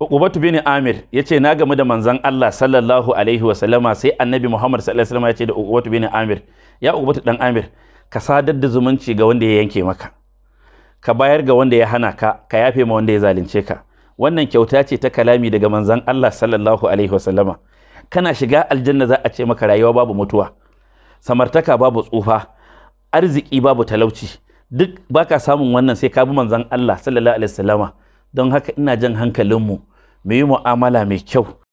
Ubatu bin Amir ya ce na gamu da manzan Allah sallallahu alaihi wasallama sai annabi Muhammad sallallahu alaihi wasallama ya ce da Ubatu bin Amir ya Ubatu dan Amir ka sadar da zumunci ga wanda ya yanke maka ka bayar ga wanda ya hana ka ka yafe ma wanda ya zalunce ka wannan kyauta ce ta kalami daga manzan Allah sallallahu alaihi wasallama kana shiga aljanna za a ce maka rayuwa babu mutuwa samartaka babu tsufa arziki babu talauci duk baka samun wannan sai ka bi manzan Allah sallallahu alaihi wasallama don haka ina jan hankalinmu mu yi mu'amala mai kyau